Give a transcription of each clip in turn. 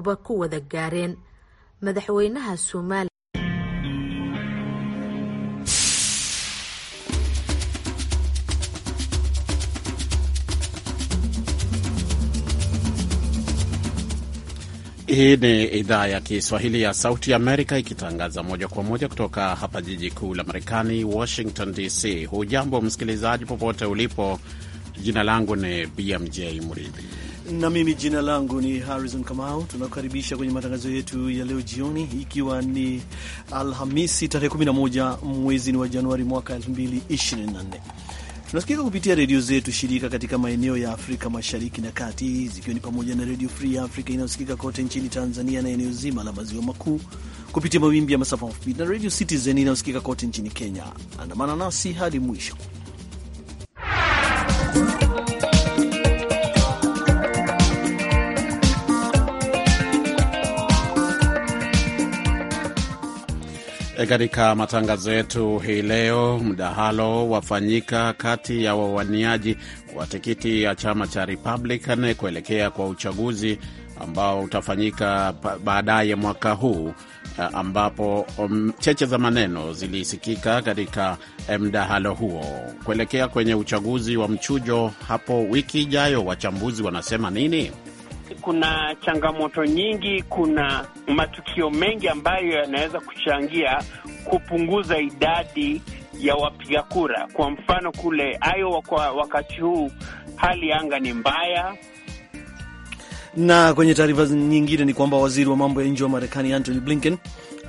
ba ku wada gaareen madaxweynaha Soomaaliya Hii ni idhaa ya Kiswahili ya Sauti Amerika ikitangaza moja kwa moja kutoka hapa jiji kuu la Marekani, Washington DC. Hujambo msikilizaji, popote ulipo. Jina langu ni BMJ Mridhi na mimi jina langu ni Harrison Kamau. Tunakukaribisha kwenye matangazo yetu ya leo jioni, ikiwa ni Alhamisi tarehe 11 mwezi ni wa Januari mwaka 2024. Tunasikika kupitia redio zetu shirika katika maeneo ya Afrika Mashariki na Kati, zikiwa ni pamoja na Redio Free ya Afrika inayosikika kote nchini Tanzania na eneo zima la maziwa makuu kupitia mawimbi ya masafa mafupi na Redio Citizen inayosikika kote nchini Kenya. Andamana nasi hadi mwisho E, katika matangazo yetu hii leo, mdahalo wafanyika kati ya wawaniaji wa tikiti ya chama cha Republican kuelekea kwa uchaguzi ambao utafanyika baadaye mwaka huu, e, ambapo um, cheche za maneno zilisikika katika e, mdahalo huo kuelekea kwenye uchaguzi wa mchujo hapo wiki ijayo. Wachambuzi wanasema nini? kuna changamoto nyingi, kuna matukio mengi ambayo yanaweza kuchangia kupunguza idadi ya wapiga kura. Kwa mfano kule Iowa kwa wakati huu hali ya anga ni mbaya na kwenye taarifa nyingine ni kwamba waziri wa mambo ya nje wa Marekani Antony Blinken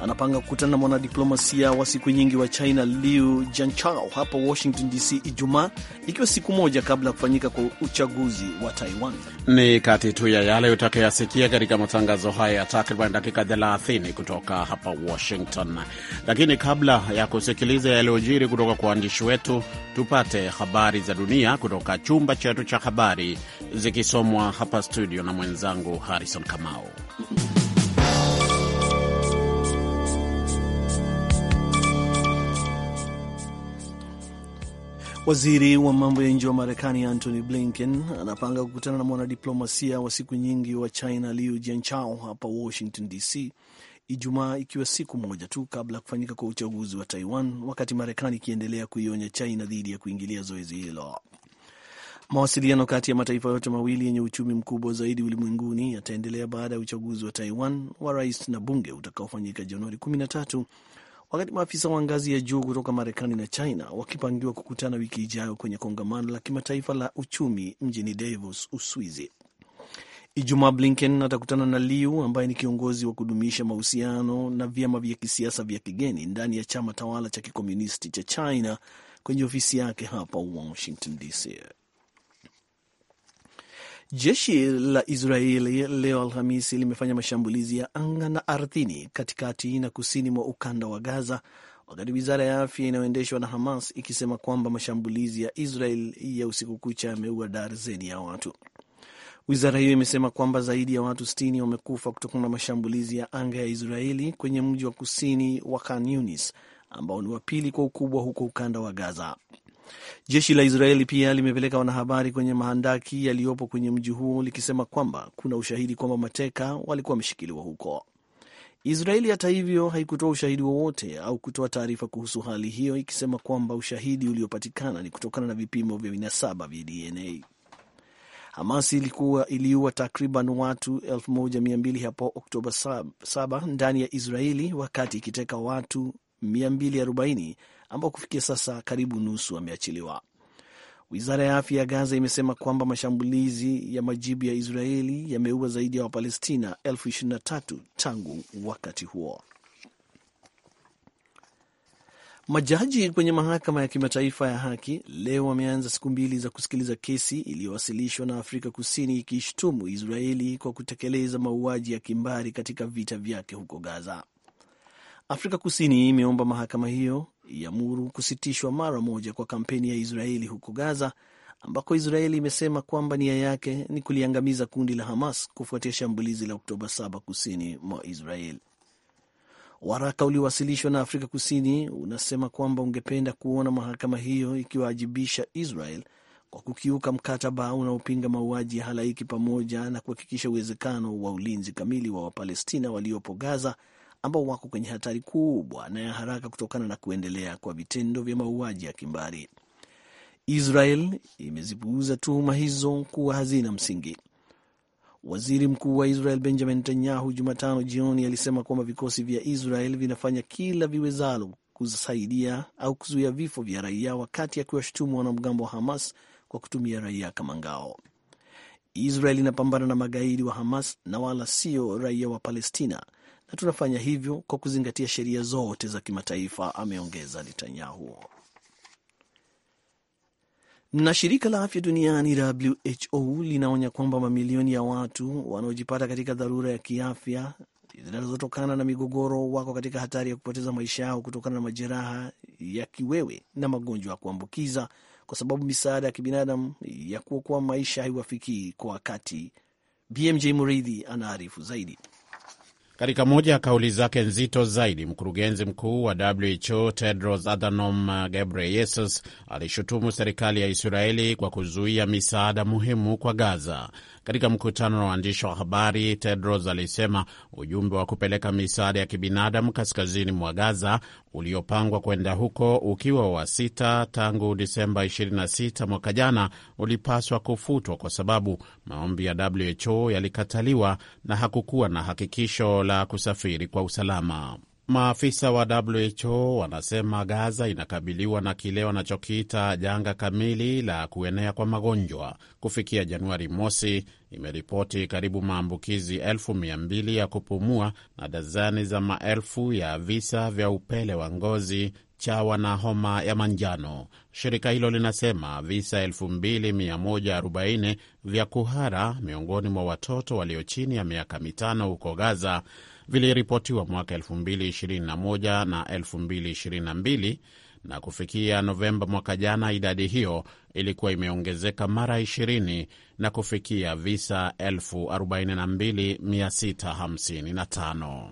anapanga kukutana na mwanadiplomasia wa siku nyingi wa China Liu Jianchao hapa Washington DC Ijumaa, ikiwa siku moja kabla ya kufanyika kwa uchaguzi wa Taiwan. Ni kati tu ya yale utakayasikia katika matangazo haya ya takriban dakika 30 kutoka hapa Washington. Lakini kabla ya kusikiliza yaliyojiri kutoka kwa waandishi wetu, tupate habari za dunia kutoka chumba chetu cha habari, zikisomwa hapa studio na mwenzangu Harrison Kamau. Waziri wa mambo ya nje wa Marekani Antony Blinken anapanga kukutana na mwanadiplomasia wa siku nyingi wa China Liu Jianchao hapa Washington DC Ijumaa, ikiwa siku moja tu kabla ya kufanyika kwa uchaguzi wa Taiwan, wakati Marekani ikiendelea kuionya China dhidi ya kuingilia zoezi hilo. Mawasiliano kati ya mataifa yote mawili yenye uchumi mkubwa zaidi ulimwenguni yataendelea baada ya uchaguzi wa Taiwan wa rais na bunge utakaofanyika Januari tatu wakati maafisa wa ngazi ya juu kutoka Marekani na China wakipangiwa kukutana wiki ijayo kwenye kongamano la kimataifa la uchumi mjini Davos, Uswizi. Ijumaa, Blinken atakutana na Liu ambaye ni kiongozi wa kudumisha mahusiano na vyama vya kisiasa vya kigeni ndani ya chama tawala cha kikomunisti cha China kwenye ofisi yake hapa Washington DC. Jeshi la Israeli leo Alhamisi limefanya mashambulizi ya anga na ardhini katikati na kusini mwa ukanda wa Gaza, wakati wizara ya afya inayoendeshwa na Hamas ikisema kwamba mashambulizi ya Israel ya usiku kucha yameua darzeni ya watu. Wizara hiyo imesema kwamba zaidi ya watu 60 wamekufa kutokana na mashambulizi ya anga ya Israeli kwenye mji wa kusini wa Khan Yunis ambao ni wa pili kwa ukubwa huko ukanda wa Gaza. Jeshi la Israeli pia limepeleka wanahabari kwenye mahandaki yaliyopo kwenye mji huo likisema kwamba kuna ushahidi kwamba mateka walikuwa wameshikiliwa huko. Israeli hata hivyo haikutoa ushahidi wowote au kutoa taarifa kuhusu hali hiyo, ikisema kwamba ushahidi uliopatikana ni kutokana na vipimo vya vinasaba vya DNA. Hamas ilikuwa iliua takriban watu 1200 hapo Oktoba 7 ndani ya Israeli wakati ikiteka watu 240 ambao kufikia sasa karibu nusu wameachiliwa. Wizara ya afya ya Gaza imesema kwamba mashambulizi ya majibu ya Israeli yameua zaidi ya Wapalestina elfu ishirini na tatu tangu wakati huo. Majaji kwenye mahakama ya kimataifa ya haki leo wameanza siku mbili za kusikiliza kesi iliyowasilishwa na Afrika Kusini ikishtumu Israeli kwa kutekeleza mauaji ya kimbari katika vita vyake huko Gaza. Afrika Kusini imeomba mahakama hiyo iamuru kusitishwa mara moja kwa kampeni ya Israeli huko Gaza, ambako Israeli imesema kwamba nia yake ni kuliangamiza kundi la Hamas kufuatia shambulizi la Oktoba 7 kusini mwa Israeli. Waraka uliowasilishwa na Afrika Kusini unasema kwamba ungependa kuona mahakama hiyo ikiwaajibisha Israel kwa kukiuka mkataba unaopinga mauaji ya halaiki pamoja na kuhakikisha uwezekano wa ulinzi kamili wa Wapalestina waliopo Gaza ambao wako kwenye hatari kubwa na ya haraka kutokana na kuendelea kwa vitendo vya mauaji ya kimbari. Israel imezipuuza tuhuma hizo kuwa hazina msingi. Waziri Mkuu wa Israel Benjamin Netanyahu Jumatano jioni alisema kwamba vikosi vya Israel vinafanya kila viwezalo kusaidia au kuzuia vifo vya raia, wakati akiwashutumu wanamgambo wa Hamas kwa kutumia raia kama ngao. Israel inapambana na magaidi wa Hamas na wala sio raia wa Palestina, na tunafanya hivyo kwa kuzingatia sheria zote za kimataifa, ameongeza Netanyahu. Na shirika la afya duniani WHO linaonya kwamba mamilioni ya watu wanaojipata katika dharura ya kiafya zinazotokana na migogoro wako katika hatari ya kupoteza maisha yao kutokana na majeraha ya kiwewe na magonjwa ya kuambukiza kwa sababu misaada ya kibinadamu ya kuokoa maisha haiwafikii kwa wakati. BMJ Muridhi anaarifu zaidi. Katika moja ya kauli zake nzito zaidi, mkurugenzi mkuu wa WHO Tedros Adhanom Ghebreyesus alishutumu serikali ya Israeli kwa kuzuia misaada muhimu kwa Gaza. Katika mkutano na waandishi wa habari, Tedros alisema ujumbe wa kupeleka misaada ya kibinadamu kaskazini mwa Gaza uliopangwa kwenda huko ukiwa wa sita tangu Disemba 26 mwaka jana ulipaswa kufutwa kwa sababu maombi ya WHO yalikataliwa na hakukuwa na hakikisho la kusafiri kwa usalama. Maafisa wa WHO wanasema Gaza inakabiliwa na kile wanachokiita janga kamili la kuenea kwa magonjwa. Kufikia Januari mosi, imeripoti karibu maambukizi elfu mia mbili ya kupumua na dazani za maelfu ya visa vya upele wa ngozi chawa na homa ya manjano. Shirika hilo linasema visa 2140 vya kuhara miongoni mwa watoto walio chini ya miaka mitano huko Gaza viliripotiwa mwaka 2021 na 2022 na kufikia Novemba mwaka jana idadi hiyo ilikuwa imeongezeka mara 20 na kufikia visa 42655.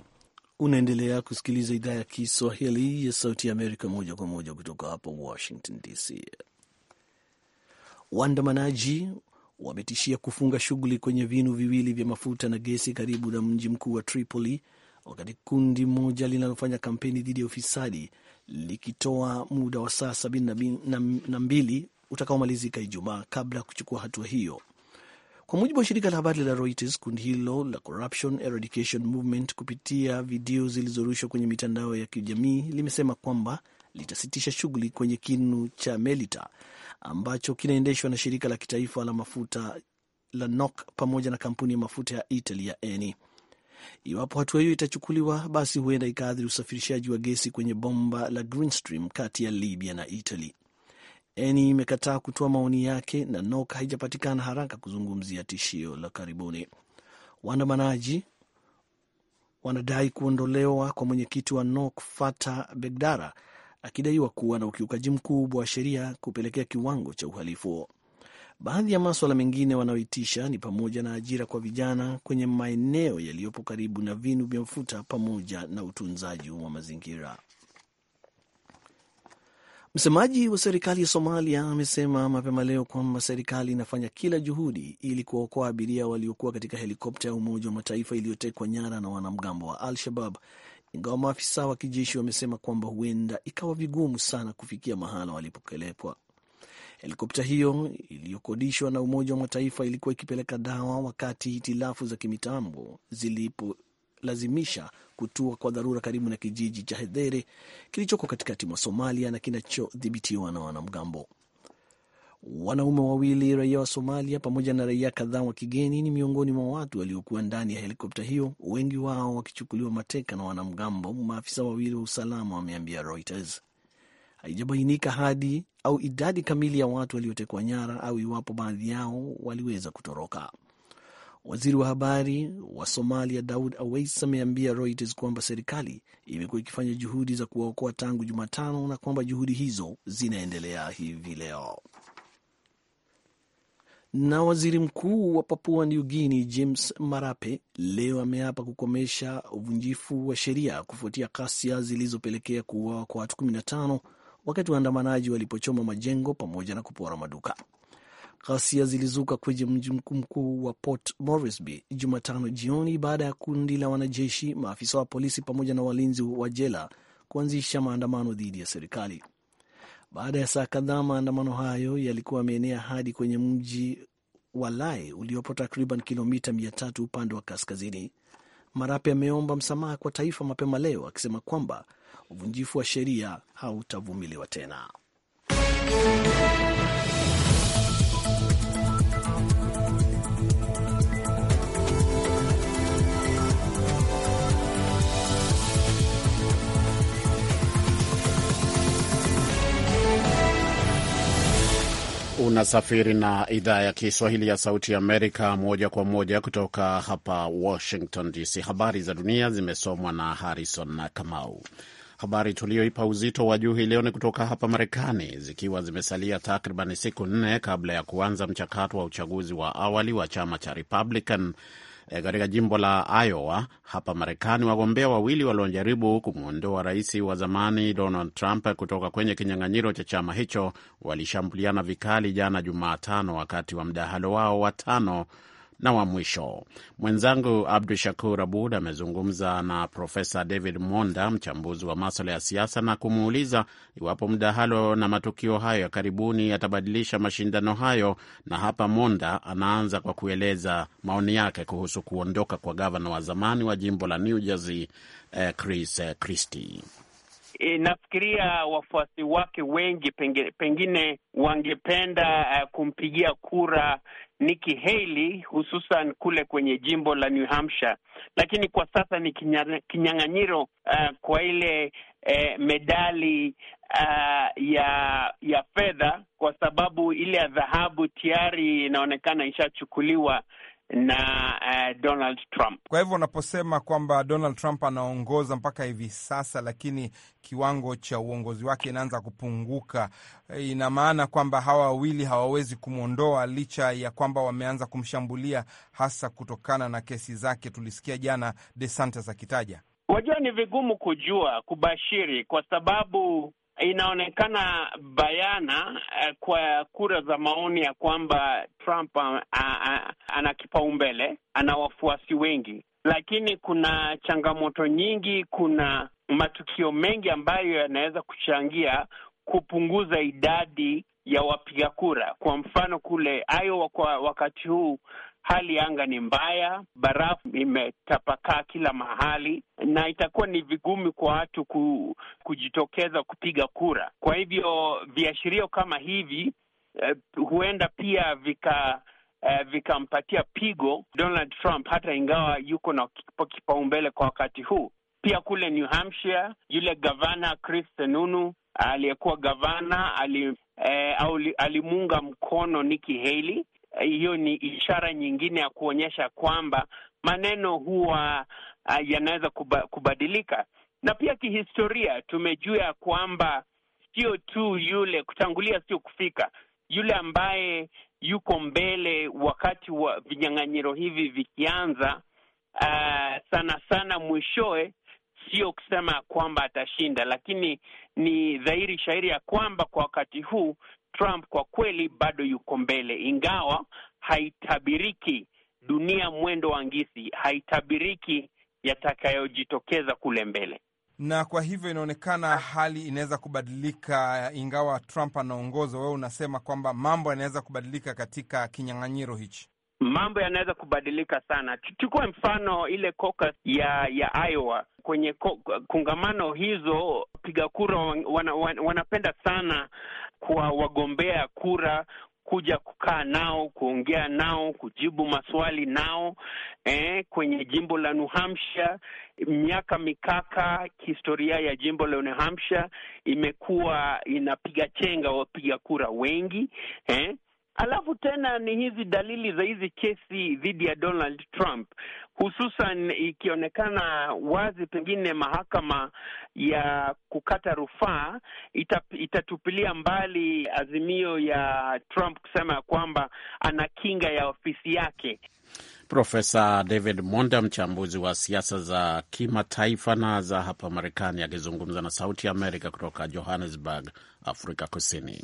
Unaendelea kusikiliza idhaa ya Kiswahili ya Sauti ya Amerika moja kwa moja kutoka hapa Washington DC. Waandamanaji wametishia kufunga shughuli kwenye vinu viwili vya mafuta na gesi karibu na mji mkuu wa Tripoli, wakati kundi moja linalofanya kampeni dhidi ya ufisadi likitoa muda wa saa sabini na mbili utakaomalizika Ijumaa kabla ya kuchukua hatua hiyo kwa mujibu wa shirika la habari la Reuters, kundi hilo la Corruption Eradication Movement kupitia video zilizorushwa kwenye mitandao ya kijamii limesema kwamba litasitisha shughuli kwenye kinu cha Melita ambacho kinaendeshwa na shirika la kitaifa la mafuta la NOC pamoja na kampuni ya mafuta ya Italy ya Eni. Iwapo hatua hiyo itachukuliwa, basi huenda ikaathiri usafirishaji wa gesi kwenye bomba la Greenstream kati ya Libya na Italy. Eni imekataa kutoa maoni yake na NOK haijapatikana haraka kuzungumzia tishio la karibuni. Waandamanaji wanadai kuondolewa kwa mwenyekiti wa NOK Fata Begdara akidaiwa kuwa na ukiukaji mkubwa wa sheria kupelekea kiwango cha uhalifu. Baadhi ya maswala mengine wanaoitisha ni pamoja na ajira kwa vijana kwenye maeneo yaliyopo karibu na vinu vya mafuta pamoja na utunzaji wa mazingira. Msemaji wa serikali ya Somalia amesema mapema leo kwamba serikali inafanya kila juhudi ili kuwaokoa abiria waliokuwa katika helikopta ya Umoja wa Mataifa iliyotekwa nyara na wanamgambo wa Al-Shabab, ingawa maafisa wa kijeshi wamesema kwamba huenda ikawa vigumu sana kufikia mahala walipokelepwa. Helikopta hiyo iliyokodishwa na Umoja wa Mataifa ilikuwa ikipeleka dawa wakati hitilafu za kimitambo zilipo kuwalazimisha kutua kwa dharura karibu na kijiji cha Hedhere kilichoko katikati mwa Somalia na kinachodhibitiwa na wanamgambo. Wanaume wawili raia wa Somalia pamoja na raia kadhaa wa kigeni ni miongoni mwa watu waliokuwa ndani ya helikopta hiyo, wengi wao wakichukuliwa mateka na wanamgambo, maafisa wawili wa usalama wameambia Reuters. Haijabainika hadi au idadi kamili ya watu waliotekwa nyara au iwapo baadhi yao waliweza kutoroka. Waziri wa habari wa Somalia Daud Awais ameambia Reuters kwamba serikali imekuwa ikifanya juhudi za kuwaokoa tangu Jumatano na kwamba juhudi hizo zinaendelea hivi leo. Na waziri mkuu wa Papua New Guinea James Marape leo ameapa kukomesha uvunjifu wa sheria kufuatia ghasia zilizopelekea kuuawa kwa watu 15 wakati waandamanaji walipochoma majengo pamoja na kupora maduka. Ghasia zilizuka kwenye mji mkuu wa Port Moresby Jumatano jioni baada ya kundi la wanajeshi, maafisa wa polisi pamoja na walinzi wa jela kuanzisha maandamano dhidi ya serikali. Baada ya saa kadhaa, maandamano hayo yalikuwa yameenea hadi kwenye mji wa Lae uliopo takriban kilomita mia tatu upande wa kaskazini. Marape ameomba msamaha kwa taifa mapema leo akisema kwamba uvunjifu wa sheria hautavumiliwa tena. Unasafiri na idhaa ya Kiswahili ya Sauti ya Amerika moja kwa moja kutoka hapa Washington DC. Habari za dunia zimesomwa na Harrison na Kamau. Habari tuliyoipa uzito wa juu hii leo ni kutoka hapa Marekani, zikiwa zimesalia takriban siku nne kabla ya kuanza mchakato wa uchaguzi wa awali wa chama cha Republican Eh, katika jimbo la Iowa hapa Marekani, wagombea wawili waliojaribu kumwondoa rais wa zamani Donald Trump kutoka kwenye kinyang'anyiro cha chama hicho walishambuliana vikali jana Jumatano wakati wa mdahalo wao watano na wa mwisho. Mwenzangu Abdu Shakur Abud amezungumza na Profesa David Monda, mchambuzi wa maswala ya siasa, na kumuuliza iwapo mdahalo na matukio hayo ya karibuni yatabadilisha mashindano hayo, na hapa Monda anaanza kwa kueleza maoni yake kuhusu kuondoka kwa gavana wa zamani wa jimbo la New Jersey, eh, Chris eh, Christie e, nafikiria wafuasi wake wengi pengine, pengine wangependa uh, kumpigia kura Nikki Haley hususan kule kwenye jimbo la New Hampshire, lakini kwa sasa ni kinyang'anyiro uh, kwa ile uh, medali uh, ya ya fedha, kwa sababu ile ya dhahabu tayari inaonekana ishachukuliwa na uh, Donald Trump. Kwa hivyo unaposema kwamba Donald Trump anaongoza mpaka hivi sasa, lakini kiwango cha uongozi wake inaanza kupunguka, eh, ina maana kwamba hawa wawili hawawezi kumwondoa licha ya kwamba wameanza kumshambulia, hasa kutokana na kesi zake tulisikia jana DeSantis akitaja. Wajua, ni vigumu kujua kubashiri kwa sababu inaonekana bayana eh, kwa kura za maoni ya kwamba Trump eh, eh, ana kipaumbele, ana wafuasi wengi, lakini kuna changamoto nyingi, kuna matukio mengi ambayo yanaweza kuchangia kupunguza idadi ya wapiga kura. Kwa mfano kule Iowa kwa wakati huu Hali ya anga ni mbaya, barafu imetapakaa kila mahali, na itakuwa ni vigumu kwa watu ku, kujitokeza kupiga kura. Kwa hivyo viashirio kama hivi eh, huenda pia vika eh, vikampatia pigo Donald Trump, hata ingawa yuko na kipaumbele kwa wakati huu. Pia kule New Hampshire yule gavana Chris Sununu aliyekuwa gavana ali, eh, alimuunga mkono Nikki Haley Eh, hiyo ni ishara nyingine ya kuonyesha kwamba maneno huwa uh, yanaweza kuba, kubadilika. Na pia kihistoria tumejua ya kwamba sio tu yule kutangulia, sio kufika, yule ambaye yuko mbele wakati wa vinyang'anyiro hivi vikianza, uh, sana sana mwishowe sio kusema kwamba atashinda, lakini ni dhahiri shahiri ya kwamba kwa wakati huu Trump kwa kweli bado yuko mbele, ingawa haitabiriki dunia mwendo wa ngisi, haitabiriki yatakayojitokeza kule mbele, na kwa hivyo inaonekana hali inaweza kubadilika ingawa Trump anaongoza. Wewe unasema kwamba mambo yanaweza kubadilika katika kinyang'anyiro hichi, mambo yanaweza kubadilika sana. Chukua mfano ile caucus ya ya Iowa. Kwenye kongamano hizo wapiga kura wan, wan, wan, wanapenda sana kwa wagombea kura kuja kukaa nao kuongea nao kujibu maswali nao eh, kwenye jimbo la New Hampshire. Miaka mikaka historia ya jimbo la New Hampshire imekuwa inapiga chenga wapiga kura wengi eh. Alafu tena ni hizi dalili za hizi kesi dhidi ya Donald Trump hususan ikionekana wazi pengine mahakama ya kukata rufaa itatupilia mbali azimio ya Trump kusema ya kwamba ana kinga ya ofisi yake. Profesa David Monda, mchambuzi wa siasa za kimataifa na za hapa Marekani, akizungumza na Sauti ya Amerika kutoka Johannesburg, Afrika Kusini.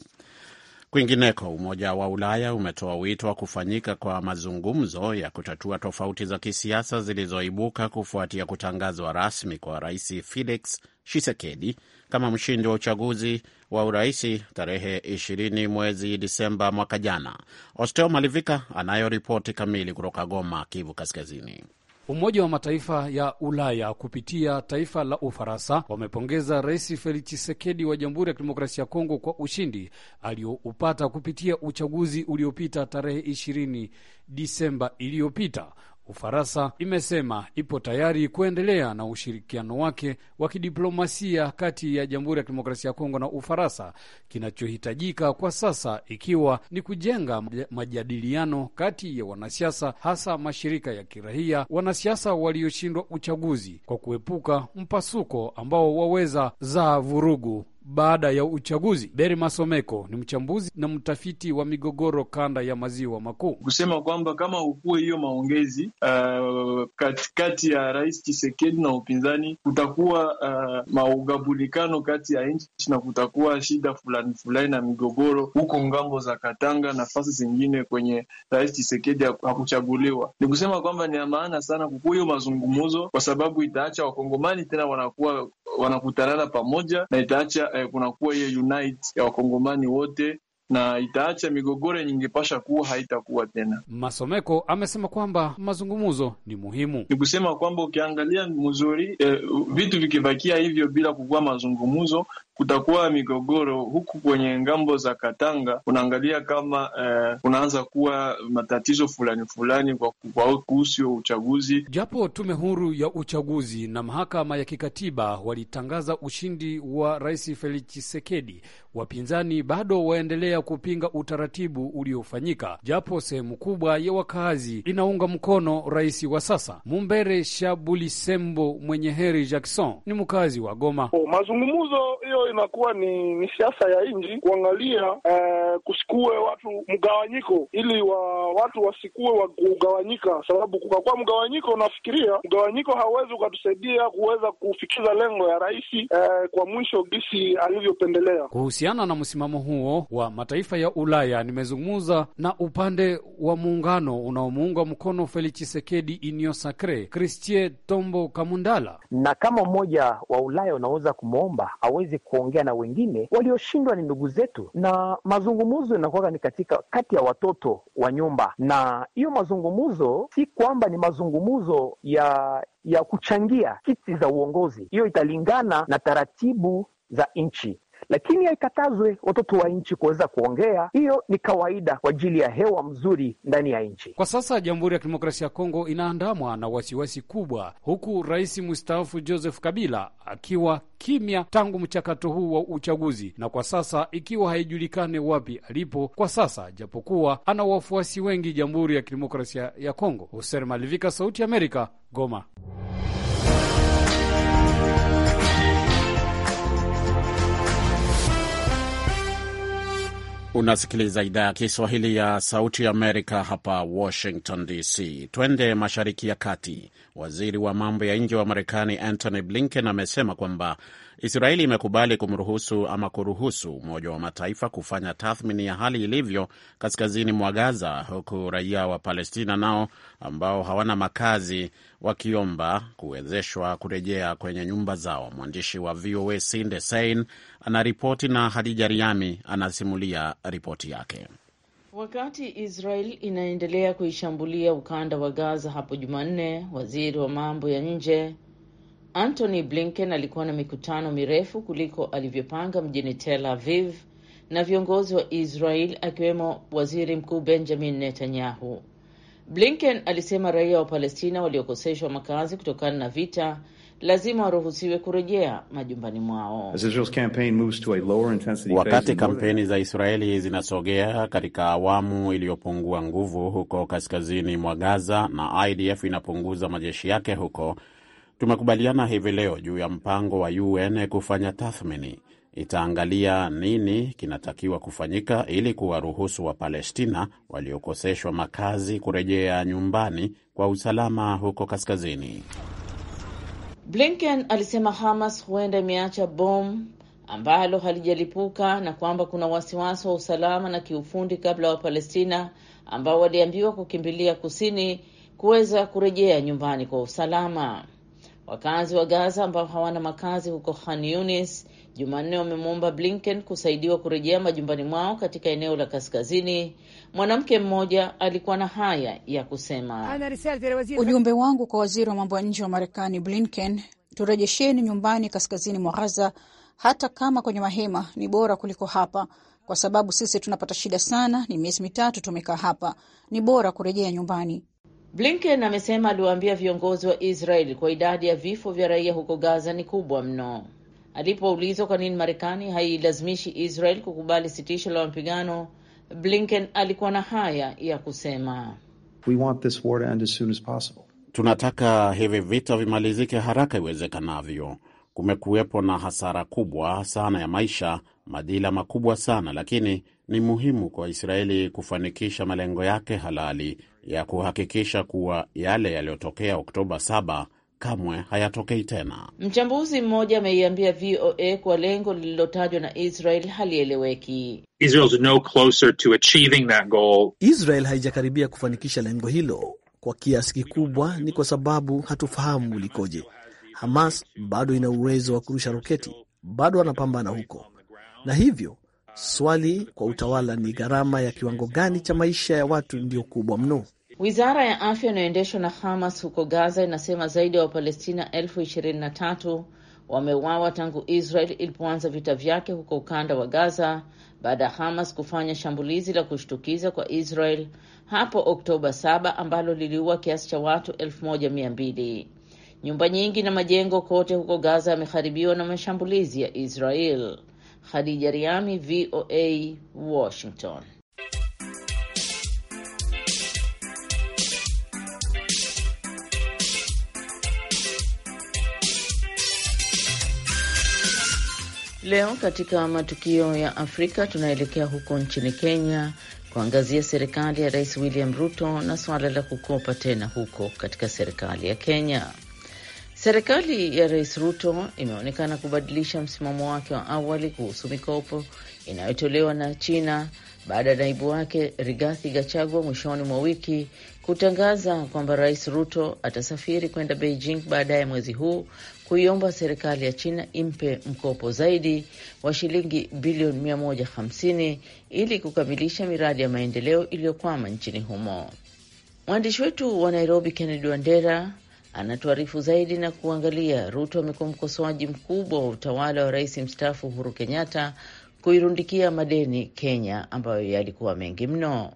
Kwingineko, Umoja wa Ulaya umetoa wito wa kufanyika kwa mazungumzo ya kutatua tofauti za kisiasa zilizoibuka kufuatia kutangazwa rasmi kwa Rais Felix Tshisekedi kama mshindi wa uchaguzi wa uraisi tarehe 20 mwezi Disemba mwaka jana. Osteo Malivika anayo ripoti kamili kutoka Goma, Kivu Kaskazini. Umoja wa Mataifa ya Ulaya kupitia taifa la Ufaransa wamepongeza Rais Felix Tshisekedi wa Jamhuri ya Kidemokrasia ya Kongo kwa ushindi alioupata kupitia uchaguzi uliopita tarehe 2 Disemba iliyopita Ufaransa imesema ipo tayari kuendelea na ushirikiano wake wa kidiplomasia kati ya Jamhuri ya Kidemokrasia ya Kongo na Ufaransa, kinachohitajika kwa sasa ikiwa ni kujenga majadiliano kati ya wanasiasa, hasa mashirika ya kiraia, wanasiasa walioshindwa uchaguzi, kwa kuepuka mpasuko ambao waweza zaa vurugu baada ya uchaguzi. Beri Masomeko ni mchambuzi na mtafiti wa migogoro kanda ya maziwa makuu, kusema kwamba kama hukuwe hiyo maongezi uh, katikati ya Rais chisekedi na upinzani, kutakuwa uh, maugabulikano kati ya nchi na kutakuwa shida fulani fulani na migogoro huko ngambo za Katanga, nafasi zingine kwenye Rais chisekedi hakuchaguliwa. Ni kusema kwamba ni ya maana sana kukuwa hiyo mazungumuzo, kwa sababu itaacha wakongomani tena wanakuwa wanakutanana pamoja na itaacha eh, kunakuwa hiyo unite ya wakongomani wote na itaacha migogoro yenye ingepasha kuwa haitakuwa tena. Masomeko amesema kwamba mazungumzo ni muhimu. Ni kusema kwamba ukiangalia mzuri, eh, vitu vikibakia hivyo bila kukuwa mazungumzo kutakuwa migogoro huku kwenye ngambo za Katanga, unaangalia kama eh, unaanza kuwa matatizo fulani fulani kwa, kwa kuhusu uchaguzi. Japo tume huru ya uchaguzi na mahakama ya kikatiba walitangaza ushindi wa Rais Felix Tshisekedi, wapinzani bado waendelea kupinga utaratibu uliofanyika, japo sehemu kubwa ya wakazi inaunga mkono rais wa sasa. Mumbere Shabulisembo mwenye heri Jackson ni mkazi wa Goma. Oh, mazungumzo hiyo inakuwa ni, ni siasa ya nji kuangalia eh, kusikue watu mgawanyiko, ili wa watu wasikue wa kugawanyika, sababu kukakuwa mgawanyiko, unafikiria mgawanyiko hauwezi ukatusaidia kuweza kufikiza lengo ya rais eh, kwa mwisho gisi alivyopendelea. Kuhusiana na msimamo huo wa mataifa ya Ulaya, nimezungumza na upande wa muungano unaomuunga mkono Felix Tshisekedi Sacre, Christie Tombo Kamundala, na kama mmoja wa Ulaya unaweza kumwomba aweze ku kuongea na wengine walioshindwa ni ndugu zetu, na mazungumzo inakuwa ni katika kati ya watoto wa nyumba, na hiyo mazungumzo si kwamba ni mazungumzo ya ya kuchangia kiti za uongozi. Hiyo italingana na taratibu za nchi lakini haikatazwe watoto wa nchi kuweza kuongea. Hiyo ni kawaida kwa ajili ya hewa mzuri ndani ya nchi. Kwa sasa Jamhuri ya Kidemokrasia ya Kongo inaandamwa na wasiwasi kubwa, huku rais mstaafu Joseph Kabila akiwa kimya tangu mchakato huu wa uchaguzi, na kwa sasa ikiwa haijulikane wapi alipo kwa sasa, japokuwa ana wafuasi wengi Jamhuri ya Kidemokrasia ya Kongo. Hoser Malivika, Sauti ya Amerika, Goma. Unasikiliza idhaa ya Kiswahili ya Sauti Amerika hapa Washington DC. Twende mashariki ya kati. Waziri wa mambo ya nje wa Marekani Antony Blinken amesema kwamba Israeli imekubali kumruhusu ama kuruhusu Umoja wa Mataifa kufanya tathmini ya hali ilivyo kaskazini mwa Gaza, huku raia wa Palestina nao ambao hawana makazi wakiomba kuwezeshwa kurejea kwenye nyumba zao. Mwandishi wa VOA Sinde Sein anaripoti na Hadija Riami anasimulia ripoti yake. Wakati Israel inaendelea kuishambulia ukanda wa Gaza, hapo Jumanne waziri wa mambo ya nje Antony Blinken alikuwa na mikutano mirefu kuliko alivyopanga mjini Tel Aviv na viongozi wa Israel akiwemo Waziri Mkuu Benjamin Netanyahu. Blinken alisema raia wa Palestina waliokoseshwa makazi kutokana na vita lazima waruhusiwe kurejea majumbani mwao. Wakati kampeni za Israeli zinasogea katika awamu iliyopungua nguvu huko kaskazini mwa Gaza na IDF inapunguza majeshi yake huko, Tumekubaliana hivi leo juu ya mpango wa UN kufanya tathmini. Itaangalia nini kinatakiwa kufanyika ili kuwaruhusu Wapalestina waliokoseshwa makazi kurejea nyumbani kwa usalama huko kaskazini. Blinken alisema Hamas huenda imeacha bomu ambalo halijalipuka na kwamba kuna wasiwasi wa usalama na kiufundi kabla ya Wapalestina ambao waliambiwa kukimbilia kusini kuweza kurejea nyumbani kwa usalama. Wakazi wa Gaza ambao hawana makazi huko Khan Yunis Jumanne wamemwomba Blinken kusaidiwa kurejea majumbani mwao katika eneo la kaskazini. Mwanamke mmoja alikuwa na haya ya kusema: ujumbe wangu kwa waziri wa mambo ya nje wa Marekani Blinken, turejesheni nyumbani kaskazini mwa Gaza, hata kama kwenye mahema ni bora kuliko hapa, kwa sababu sisi tunapata shida sana. Ni miezi mitatu tumekaa hapa, ni bora kurejea nyumbani. Blinken amesema aliwaambia viongozi wa israel kwa idadi ya vifo vya raia huko Gaza ni kubwa mno. Alipoulizwa kwa nini Marekani hailazimishi Israel kukubali sitisho la mapigano, Blinken alikuwa na haya ya kusema: We want this war to end as soon as possible. Tunataka hivi vita vimalizike haraka iwezekanavyo kumekuwepo na hasara kubwa sana ya maisha, madhila makubwa sana, lakini ni muhimu kwa Israeli kufanikisha malengo yake halali ya kuhakikisha kuwa yale yaliyotokea Oktoba 7 kamwe hayatokei tena. Mchambuzi mmoja ameiambia VOA kuwa lengo lililotajwa na Israel halieleweki. No Israel haijakaribia kufanikisha lengo hilo. Kwa kiasi kikubwa ni kwa sababu hatufahamu ulikoje Hamas bado ina uwezo wa kurusha roketi, bado wanapambana huko, na hivyo swali kwa utawala ni gharama ya kiwango gani cha maisha ya watu ndiyo kubwa mno. Wizara ya afya inayoendeshwa na Hamas huko Gaza inasema zaidi ya wa Wapalestina elfu ishirini na tatu wameuawa tangu Israel ilipoanza vita vyake huko ukanda wa Gaza baada ya Hamas kufanya shambulizi la kushtukiza kwa Israel hapo Oktoba 7 ambalo liliua kiasi cha watu elfu moja mia mbili. Nyumba nyingi na majengo kote huko Gaza yameharibiwa na mashambulizi ya Israel. Khadija Riami, VOA, Washington. Leo katika matukio ya Afrika tunaelekea huko nchini Kenya kuangazia serikali ya Rais William Ruto na suala la kukopa tena huko katika serikali ya Kenya. Serikali ya Rais Ruto imeonekana kubadilisha msimamo wake wa awali kuhusu mikopo inayotolewa na China baada ya naibu wake Rigathi Gachagua mwishoni mwa wiki kutangaza kwamba Rais Ruto atasafiri kwenda Beijing baadaye mwezi huu kuiomba serikali ya China impe mkopo zaidi wa shilingi bilioni 150 ili kukamilisha miradi ya maendeleo iliyokwama nchini humo. Mwandishi wetu wa Nairobi Kennedy Wandera anatuarifu zaidi na kuangalia. Ruto amekuwa mkosoaji mkubwa wa utawala wa rais mstaafu Uhuru Kenyatta kuirundikia madeni Kenya ambayo yalikuwa mengi mno.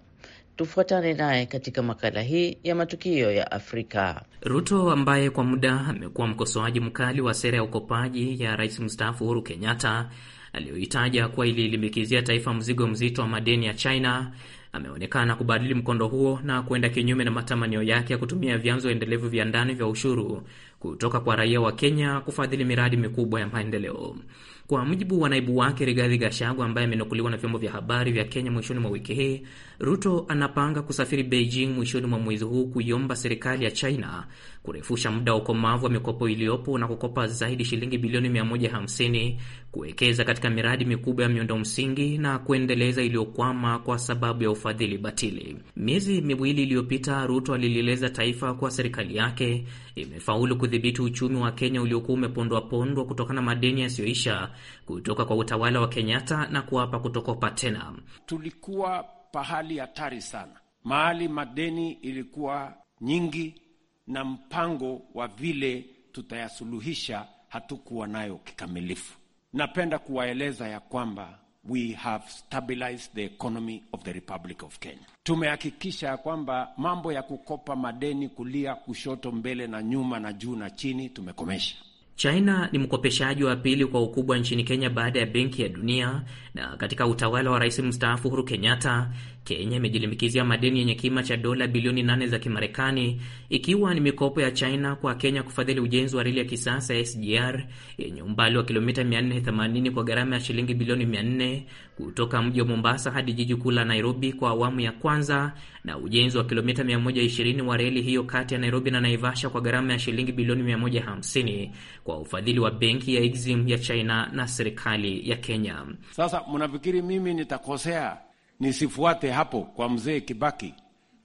Tufuatane naye katika makala hii ya matukio ya Afrika. Ruto ambaye kwa muda amekuwa mkosoaji mkali wa sera ya ukopaji ya rais mstaafu Uhuru Kenyatta aliyohitaja kuwa ililimbikizia taifa mzigo mzito wa madeni ya China ameonekana kubadili mkondo huo na kwenda kinyume na matamanio yake ya kutumia vyanzo endelevu vya ndani vya ushuru kutoka kwa raia wa Kenya kufadhili miradi mikubwa ya maendeleo. Kwa mujibu wa naibu wake Rigathi Gachagua ambaye amenukuliwa na vyombo vya habari vya Kenya mwishoni mwa wiki hii, Ruto anapanga kusafiri Beijing mwishoni mwa mwezi huu kuiomba serikali ya China kurefusha muda wa ukomavu wa mikopo iliyopo na kukopa zaidi shilingi bilioni 150 kuwekeza katika miradi mikubwa ya miundo msingi na kuendeleza iliyokwama kwa sababu ya ufadhili batili. Miezi miwili iliyopita, Ruto alilieleza taifa kwa serikali yake imefaulu kudhibiti uchumi wa Kenya uliokuwa umepondwapondwa kutokana na madeni yasiyoisha kutoka kwa utawala wa Kenyatta na kuapa kutokopa tena. Tulikuwa pahali hatari sana, mahali madeni ilikuwa nyingi na mpango wa vile tutayasuluhisha hatukuwa nayo kikamilifu. Napenda kuwaeleza ya kwamba we have stabilized the economy of the Republic of Kenya. Tumehakikisha ya kwamba mambo ya kukopa madeni kulia, kushoto, mbele na nyuma, na juu na chini tumekomesha. China ni mkopeshaji wa pili kwa ukubwa nchini Kenya baada ya Benki ya Dunia, na katika utawala wa Rais mstaafu Uhuru Kenyatta Kenya imejilimbikizia madeni yenye kima cha dola bilioni 8 za Kimarekani, ikiwa ni mikopo ya China kwa Kenya kufadhili ujenzi wa reli ya kisasa ya SGR yenye umbali wa kilomita 480 kwa gharama ya shilingi bilioni 400 kutoka mji wa Mombasa hadi jiji kuu la Nairobi kwa awamu ya kwanza, na ujenzi wa kilomita 120 wa reli hiyo kati ya Nairobi na Naivasha kwa gharama ya shilingi bilioni 150 kwa ufadhili wa benki ya Exim ya China na serikali ya Kenya. Sasa mnafikiri mimi nitakosea nisifuate hapo kwa mzee Kibaki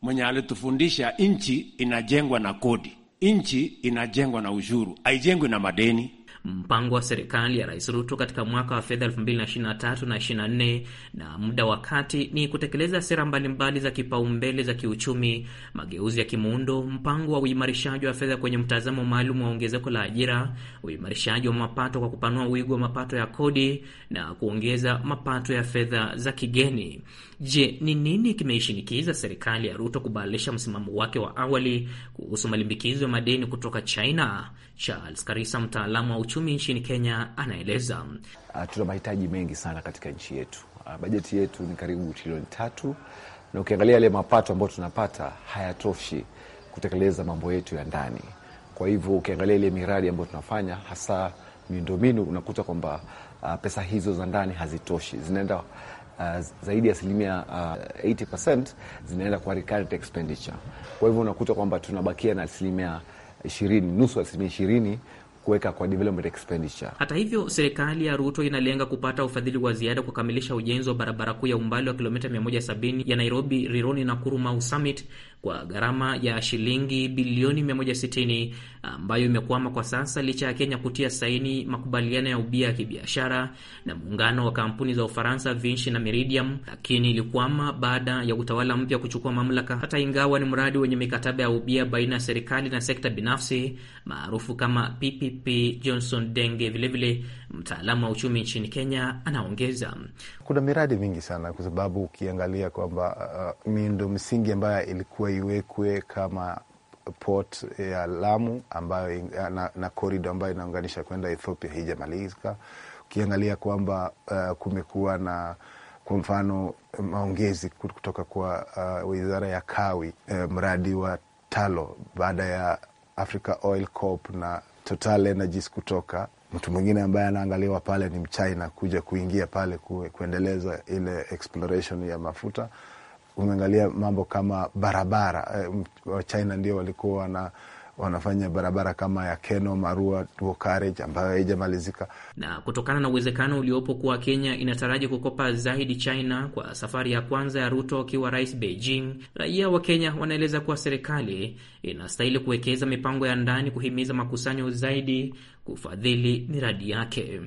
mwenye alitufundisha nchi inajengwa na kodi, nchi inajengwa na ushuru, haijengwi na madeni mpango wa serikali ya Rais Ruto katika mwaka wa fedha 2023 na 24 na muda wa kati ni kutekeleza sera mbalimbali za kipaumbele za kiuchumi, mageuzi ya kimuundo, mpango wa uimarishaji wa fedha kwenye mtazamo maalum wa ongezeko la ajira, uimarishaji wa mapato kwa kupanua wigo wa mapato ya kodi na kuongeza mapato ya fedha za kigeni. Je, ni nini kimeishinikiza serikali ya Ruto kubadilisha msimamo wake wa awali kuhusu malimbikizo ya madeni kutoka China? Charles Karisa, mtaalamu wa uchumi nchini Kenya anaeleza. Ah, tuna mahitaji mengi sana katika nchi yetu. Ah, bajeti yetu ni karibu trilioni tatu, na ukiangalia yale mapato ambayo tunapata hayatoshi kutekeleza mambo yetu ya ndani. Kwa hivyo ukiangalia ile miradi ambayo tunafanya hasa miundombinu, unakuta kwamba uh, pesa hizo za ndani hazitoshi, zinaenda uh, zaidi ya asilimia uh, 80% zinaenda kwa recurrent expenditure. Kwa hivyo unakuta kwamba tunabakia na asilimia ishirini, nusu asilimia ishirini kuweka kwa development expenditure. Hata hivyo, serikali ya Ruto inalenga kupata ufadhili wa ziada kukamilisha ujenzi wa barabara kuu ya umbali wa kilomita 170 ya Nairobi Rironi na Kuruma Summit kwa gharama ya shilingi bilioni 160 ambayo imekwama kwa sasa licha ya Kenya kutia saini makubaliano ya ubia ya kibiashara na muungano wa kampuni za Ufaransa Vinci na Meridiam, lakini ilikwama baada ya utawala mpya kuchukua mamlaka, hata ingawa ni mradi wenye mikataba ya ubia baina ya serikali na sekta binafsi maarufu kama PPP. Johnson Denge, vilevile mtaalamu wa uchumi nchini Kenya, anaongeza kuna miradi mingi sana, kwa sababu ukiangalia kwamba uh, miundo msingi ambayo ilikuwa iwekwe kama port ya Lamu ambayo na, na korido ambayo inaunganisha kwenda Ethiopia hijamalizika. Ukiangalia kwamba uh, kumekuwa na kwa mfano maongezi kutoka kwa uh, wizara ya kawi uh, mradi wa Talo baada ya Africa Oil Corp na Total Energies kutoka. Mtu mwingine ambaye anaangaliwa pale ni Mchina kuja kuingia pale kuendeleza ile exploration ya mafuta umeangalia mambo kama barabara eh, china ndio walikuwa wana wanafanya barabara kama ya Keno Marua Dual Carriage ambayo haijamalizika. Na kutokana na uwezekano uliopo kuwa Kenya inataraji kukopa zaidi China kwa safari ya kwanza ya Ruto akiwa rais Beijing, raia wa Kenya wanaeleza kuwa serikali inastahili kuwekeza mipango ya ndani kuhimiza makusanyo zaidi kufadhili miradi yake.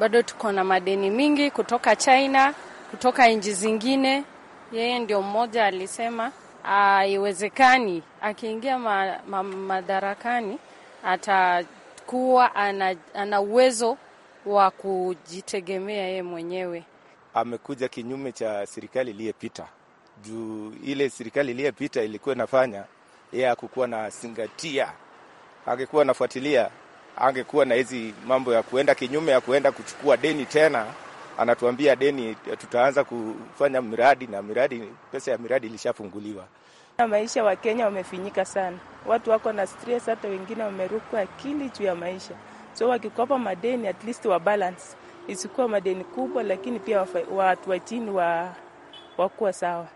Bado tuko na madeni mingi kutoka China, kutoka nchi zingine yeye ndio mmoja alisema haiwezekani, akiingia ma, ma, madarakani atakuwa ana uwezo wa kujitegemea yeye mwenyewe. Amekuja kinyume cha serikali iliyepita, juu ile serikali iliyepita ilikuwa inafanya yeye, akukuwa na singatia, Angekuwa anafuatilia, angekuwa na hizi mambo ya kuenda kinyume ya kuenda kuchukua deni tena anatuambia deni, tutaanza kufanya miradi na miradi, pesa ya miradi ilishafunguliwa. Maisha wa Kenya wamefinyika sana, watu wako na stress, hata wengine wamerukwa akili juu ya maisha, so wakikopa madeni at least wa balance, isikuwa madeni kubwa, lakini pia watu wa chini wa wakuwa sawa.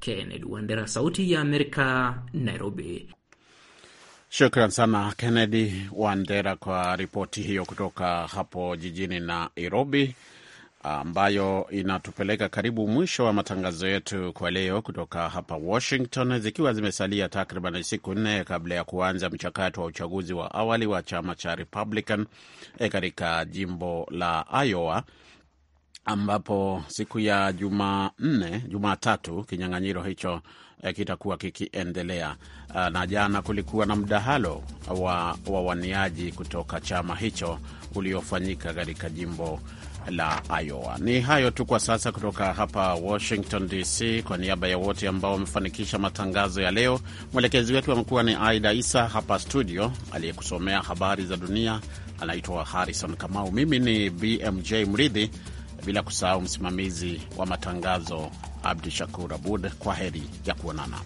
Kennedy Wandera, Sauti ya Amerika, Nairobi. Shukran sana Kennedy Wandera kwa ripoti hiyo kutoka hapo jijini Nairobi ambayo inatupeleka karibu mwisho wa matangazo yetu kwa leo kutoka hapa Washington, zikiwa zimesalia takriban siku nne kabla ya kuanza mchakato wa uchaguzi wa awali wa chama cha Republican e katika jimbo la Iowa ambapo siku ya Jumanne, Jumatatu, kinyang'anyiro hicho eh, kitakuwa kikiendelea. Ah, na jana kulikuwa na mdahalo wa wawaniaji kutoka chama hicho uliofanyika katika jimbo la Iowa. Ni hayo tu kwa sasa kutoka hapa Washington DC. Kwa niaba ya wote ambao wamefanikisha matangazo ya leo, mwelekezi wetu amekuwa ni Aida Isa hapa studio, aliyekusomea habari za dunia anaitwa Harrison Kamau. Mimi ni BMJ Mridhi, bila kusahau msimamizi wa matangazo Abdu Shakur Abud. Kwa heri ya kuonana.